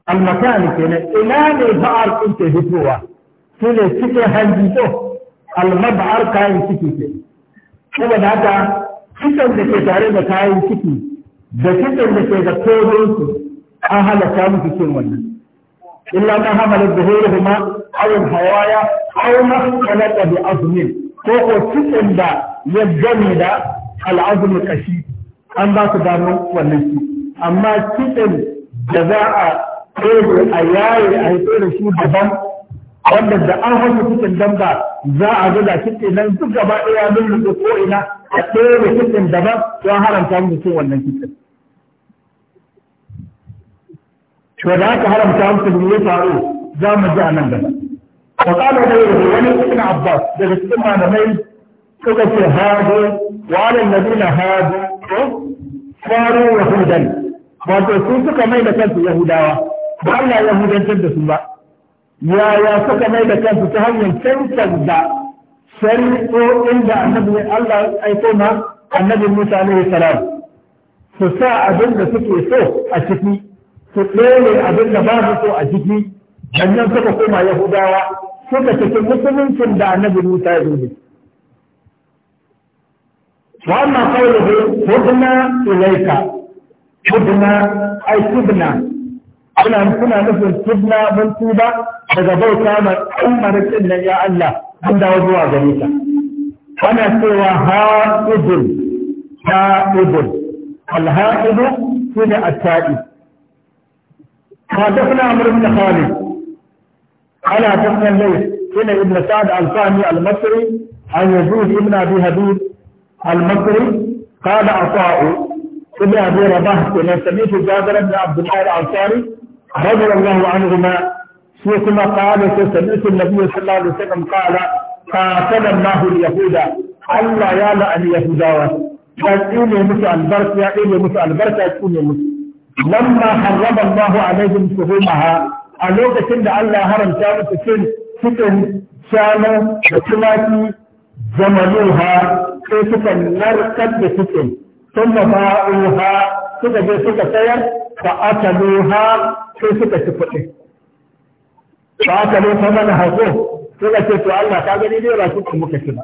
almakani kenan ina ne ba'ar ɗin ke fitowa Su ne cikin hanji to almazar kayan ciki ke Kuma da haka cikin da ke tare da kayan ciki da cikin da ke da kodonsu an halatta musu cin wannan illa ma hamalat zuhuruhuma aw hawaya aw ma khalaqa bi azmin ko ko cikin da ya gane da al'azmi kashi an ba su gano wannan shi amma cikin da za a ɗaya a yaye a haifar da shi daban wanda da an hanyar cikin damba za a zuga kitse nan duk gaba ɗaya lulluɓe ko ina a ɗaya da kitsen daban don haramta mutum wannan kitsen. to da aka haramta musu ne ya faru za mu ji a nan gaba wa qala ghayruhu wani ibn abbas daga cikin malamai suka ce hadu wa alal ladina hadu to faru wa hudan wato su suka mai da kansu yahudawa ba Allah yahudantar da su ba yaya suka mai da kansu ta hanyar cancan da shari'o'in da annabi Allah ya aiko na annabi Musa alaihi salam su sa abin da suke so a ciki su ɗere abin da ba su so a ciki hanyar suka koma yahudawa suka cikin musuluncin da annabi musa ya zuwa وأما قوله هدنا إليك هدنا أي تبنا أنا كنا نفس تبنا من توبة فجبوت أمر أمرك إن يا الله عند وضوء ذلك أنا سوى هائد هائد الهائد هنا التائب حدثنا عمرو بن خالد قال حدثنا الليث إن ابن سعد الفهمي المصري عن يزيد ابن أبي هبيب المصري قال عطاء ابن أبي رباح كما سميت جابر بن عبد الله الأنصاري رضي الله عنهما ثم قال سميت النبي صلى الله عليه وسلم قال قاتل الله اليهود الله يا لأن يهودا قال إلي مثل البركة إلي مثل البركة إلي مثل lamma harraba Allahu alaihim shuhumaha a lokacin da Allah haramta musu cin cikin shanu da tumaki zamanuha sai suka narkar da cikin sun ba'uha suka je suka sayar fa akaluha sai suka ci kuɗi fa akalu fa mana sai suka ce to Allah ka gani dai ba su muka ci ba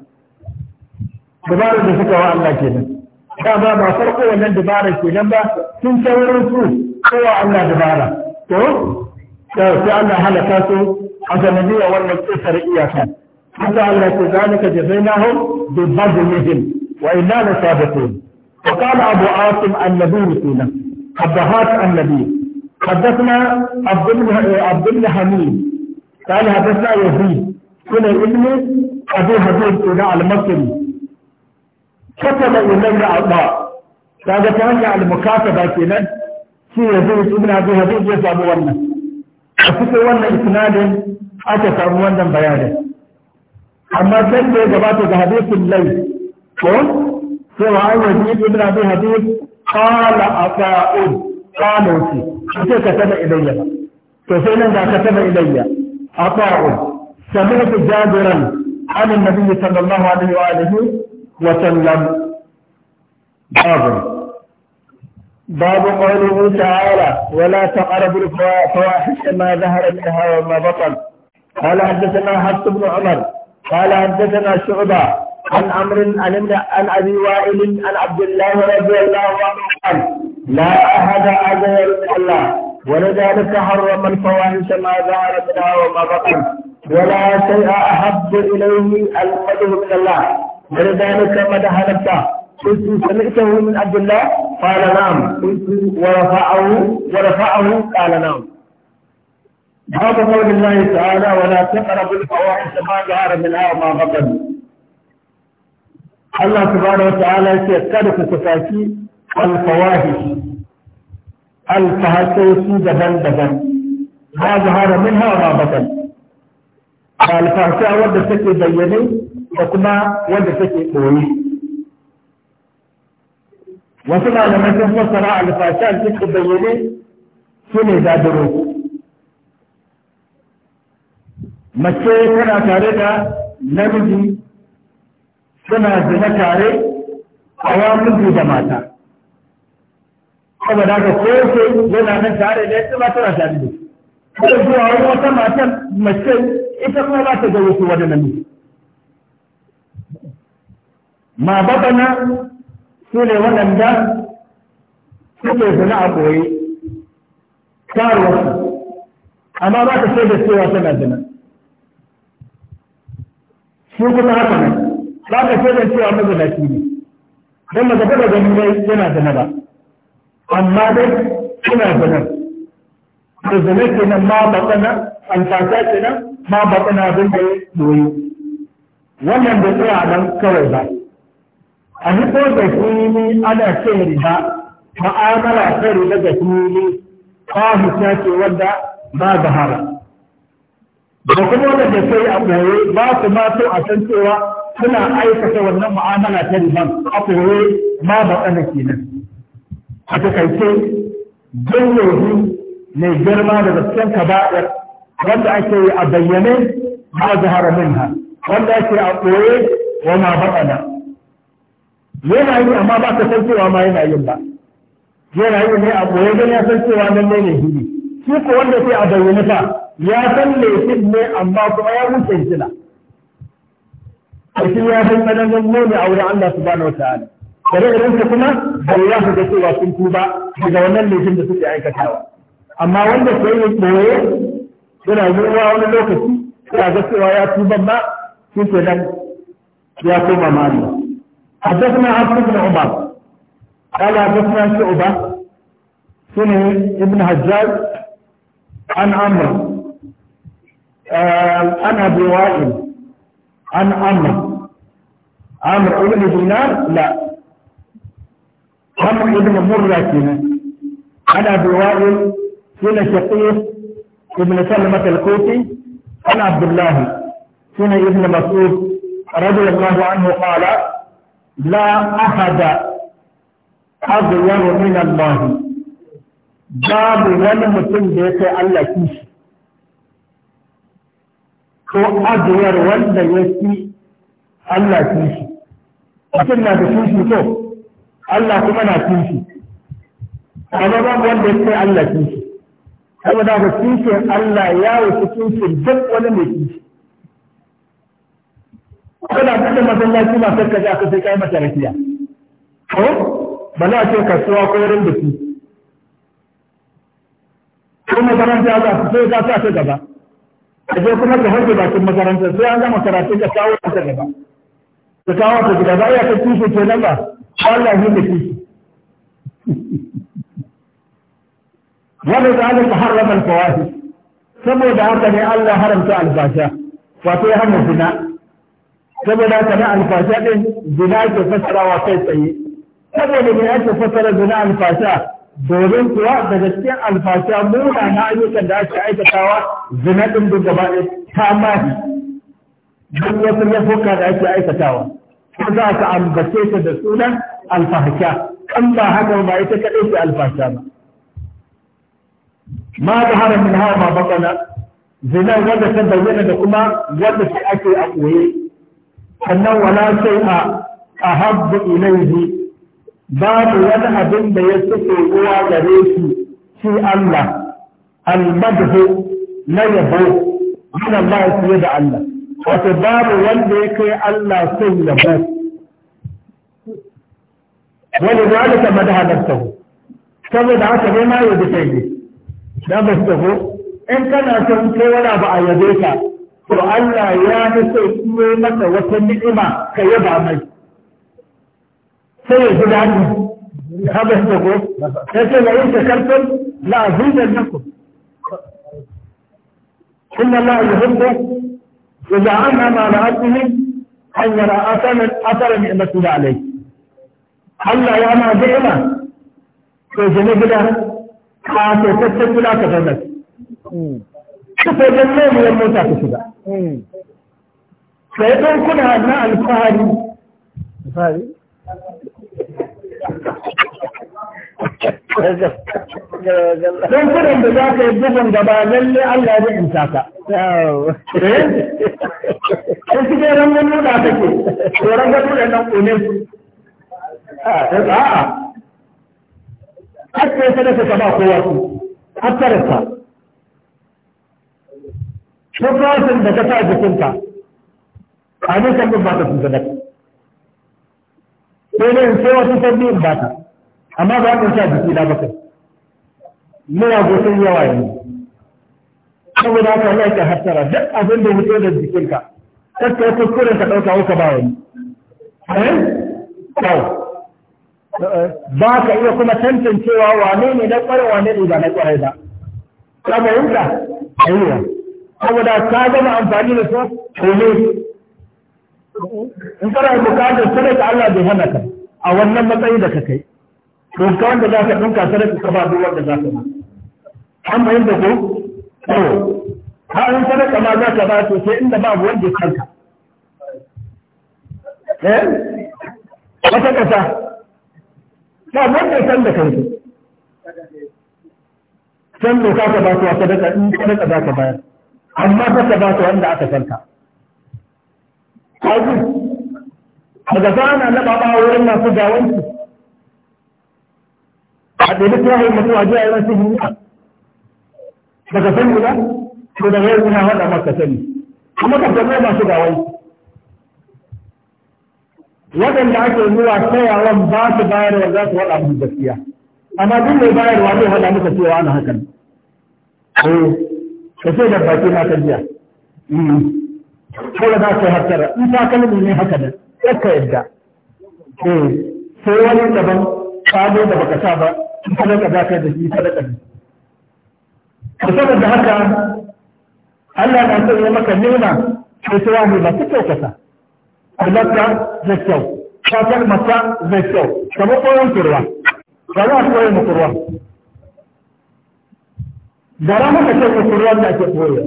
dabarar da suka wa Allah kenan dama ba farko wannan dabara kenan ba sun ta wurin su kowa Allah dabara to sai Allah halaka su a sanadiyar wannan kisar iyaka haka Allah ce zalika jazainahum bi badlihim wa inna lasabiqun وقال أبو عاصم النبي فينا قبهات النبي حدثنا عبد عبد بن حميد قال حدثنا يزيد كنا ابن أبي حبيب إلى المصري كتب إلي الله فهذا تنجع المكاتبة كنان في هذه ابن أبي هذه جزء أبوانا أفكر وانا إثنال أتت أبوانا بيانا أما كنت يجبات الهديث الليل كون سوى أي هذه ابن أبي هذه قال أفاؤل قالوا سي أتى كتب إلي فسينا ذا كتب إلي أفاؤل سمعت جابرا عن النبي صلى الله عليه وآله وسلم باب باب قوله تعالى ولا تقربوا الفواحش ما ظهر منها وما بطن قال حدثنا حفص بن عمر قال حدثنا شعبة عن أمر عن أبي وائل عن عبد الله رضي الله عنه قال لا أحد أذى من الله ولذلك حرم الفواحش ما ظهر منها وما بطن ولا شيء أحب إليه المدح من الله ولذلك مدحلك قلت سمعته من عبد الله قال نعم قلت ورفعه ورفعه قال نعم باب قول الله تعالى ولا تقربوا الفواحش ما ظهر منها وما بطن الله سبحانه وتعالى يتكلف تفاكي الفواحش الفاحشة دبن دبن ما ظهر منها وما بطن الفاحشة ودى سكي بيني da kuma wanda take ɓoye wasu malamai sun fassara alfasha a cikin bayyane su ne zadiro mace tana tare da namiji suna zina tare a wa da mata saboda haka ko yana nan tare da ita mata tana tare da shi zuwa wata matan mace ita kuma ba ta ga wasu wani namiji ma babana su ne waɗanda suke zina a ɓoye karuwarsu amma ba ta sai da cewa suna zina su kuma haka ne ba ta sai da cewa shi ne don ba ta ganin dai yana zina ba amma dai suna zina da zina nan ma alfasa ke nan ma babana abin da ya doyi wannan da a nan kawai ba a hito da fili ana ce riba ma'amala ta riba da fili fahisha ce wanda ba zahara da kuma wanda da sai a ɓoye ba su ma so a san cewa suna aikata wannan ma'amala ta riban a ɓoye ma ba ana kenan a takaice ganyoyi mai girma da gasken kaba'ir wanda ake yi a bayyane ma zahara ha, wanda ake a ɓoye wa ma baɗana yana yi amma ba ka san cewa ma yana yin ba yana yi ne a koyar gani ya san cewa nan ne ne hili shi ko wanda sai a bayyana ta ya san laifin ne amma kuma ya wuce hijila a ya san nan nuni a wurin Allah subhanahu wa ta'ala kare irin ta kuma bai ya su ga cewa sun tuba daga wannan laifin da suke aikatawa amma wanda sai ya koye yana yiwuwa wani lokaci ya ga cewa ya tuban ba shi ke nan ya koma mali حدثنا عبد بن عمر قال حدثنا شعبة سنه ابن هجاج عن عمرو آه، عن ابي وائل عن عمرو عمرو بن دينار لا عمرو بن مرة عن ابي وائل سنة شقيق ابن سلمة الكوفي عن عبد الله سنة ابن مسعود رضي الله عنه قال لا أحد أغير من الله باب ولمتن بيك الله كيش ko agiyar wanda ya fi Allah kishi mutum na da kishi to Allah kuma na kishi amma babu wanda ya fi Allah kishi saboda ga kishin Allah ya wuce kishin duk wani mai kishi kana cikin masallaci ma sai ka ji aka sai kai mata rakiya to ba za a ce kasuwa ko wurin da su ko makaranta za su sai ka sa ta gaba a je kuma ka hajji bakin makaranta sai an gama karatu ka kawo ta gaba ka kawo ta gida ba ya ka kishi ke nan ba Allah ne da kishi wanda za a ka harrama alfawahi saboda haka ne Allah haramta albasha wato ya hanyar zina saboda haka na alfasha din zina ke fasarawa kai tsaye saboda me ake fasara zina alfasha domin kuwa daga cikin alfasha muna na ayyukan da ake aikatawa zina din duk gaba ɗaya ta mahi duk wasu laifuka da ake aikatawa ko za ka ambace ta da sunan alfasha kan ba haka ba ita kaɗai ce alfasha ba ma da haramin hawa ma bakana zina wanda ta bayyana da kuma wanda sai ake a koyi. sannan wala sai a ahabbu ilaihi babu wani abin da ya suke ruwa gare shi shi Allah almadhu na yabo min Allah fiye da Allah wato babu wanda ya kai Allah son yabo wani zalika madaha nafsahu saboda haka ne ma yabi kai ne na da bastahu in kana son kai wani a yabe ka to Allah ya fi so kuma masa wata ni'ima ka yaba mai sai ya ji daɗi haɓe da ko sai ce na yin shakartun la azizan naku inna Allah ya hubbu idza anna ma ra'atuhu an yara asalan asalan ni'matu alayhi Allah ya ma ni'ima to je ne gida ka to tattauna ka fadar ka sai don memuwar mota ka shiga hmm. sai don kuna na alfahari alfahari don kudin da za ka yi bugun gaba lalle Allah ya in taka. Eh? Sai su ke rangon nuna ta ke, to rangon nuna nan ƙone su. A'a, haka ya sadaka ka ba kowa su, hattarsa. ko da ka sa jikinka a ne kan ba ta sun sadaka sai ne in sai wasu sabbi in ba ta amma ba ka sa jiki da baka muna gotun yawa yanzu abu da wani ake hasara duk abin da fito da jikinka kakka ya kuskure ka ɗauka wuka ba wani eh? ba ka iya kuma tantancewa wane ne na ƙwarai wane ne ba na ƙwarai ba ka fahimta ayyuka saboda ka gama amfani da su kome in kana bukatar sadaka Allah bai hana ka a wannan matsayi da ka kai to ka wanda za ka ɗinka sadaka ka ba duk wanda za ka ba an bayin da ko to ha in sadaka ma za ka ba to sai inda babu wanda ya kanka eh wata kasa ba wanda ya san da kanka san doka ka ba su sadaka in sadaka za ka bayar amma kasa ba ta wanda aka santa kaji a gaba ana laba ba wurin masu gawanci a ɗaya ta yi mutum a jiya yawan sihiri daga sani ba to daga yau ina wanda masu sani kuma ka zama masu gawanci waɗanda ake zuwa tsayawan ba su bayarwa za su haɗa musu gaskiya amma duk mai bayarwa zai haɗa muka cewa ana hakan eh. ka ce da baki na ta biya mm. kawai za ka yi hattara in ta kalmi ne haka nan sai ka yadda eh, sai wani daban kado da baka sa ba in ka za ka yi da shi sadaka ne ka da haka Allah na son ya maka nema sai ta wani ba ta kyau kasa albarka zai kyau fatar mata zai kyau kamar koyon kurwa ba za a koyon kurwa da rana ka ce ka kurwan da ake koyo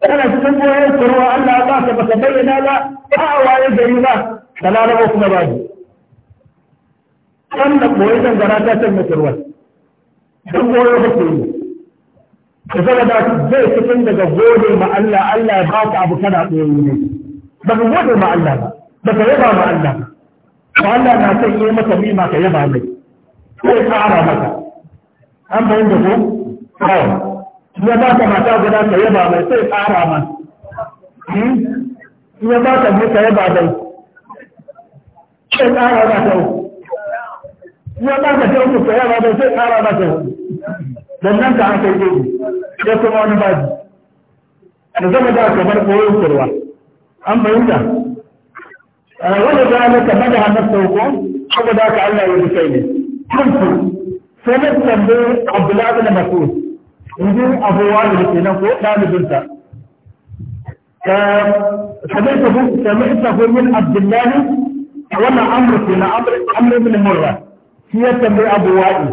kana cikin koyon kurwa Allah ya baka baka bayyana ba ba a waye gari ba da laraba kuma ba ne kan da koyi dangana ta san na kurwan duk koyo ka ke yi ka zama da zai cikin daga gode ma Allah Allah ya baka abu kana koyo ne ba ka gode ma Allah ba ba ka yaba ma Allah ba Allah na san yi maka nima ka yaba mai ko ya tsara maka an bayyana ko Thank ya ba ka mata guda ka yaba mai sai ƙara ma hmm? ya ba ka mu ka yaba mai sai ƙara ma ta ya ba ka ta ka yaba mai sai ƙara ma ta dan nan ka haka yake ya kuma wani baji da zama da kamar koyon kurwa an bayyana eh, wanda da na ka bada hannun sauko saboda haka Allah ya rufe ne. Kanku, sai na tambayi Abdullahi na Masud, injin abuwa da ke nan ko ɗalibinta sami'tahu min abdullahi wannan amr ke na amr ibn murra shi ya tambayi abuwa'i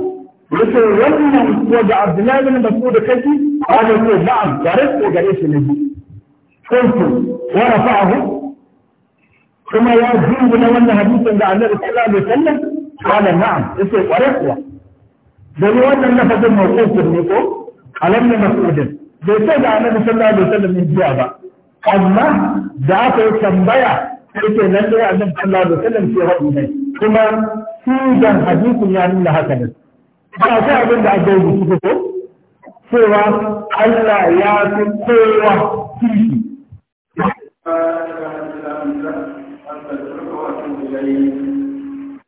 yace wannan ko da abdullahi ibn mas'ud kaji ana ko na'am gare ko gare shi ne kuntu wa rafa'ahu kuma ya jingina wannan hadisin da annabi sallallahu alaihi wasallam qala na'am yace kware kuwa domin wannan lafazin mawqufin ne ko alam da mas'udin bai ce da annabi sallallahu alaihi wasallam in jiya ba amma da aka yi tambaya sai ke nan da annabi sallallahu alaihi wasallam ce wa ne kuma sigan hadisin ya nuna haka ne ba sai abin da aka yi ko cewa Allah ya fi kowa kishi Thank you.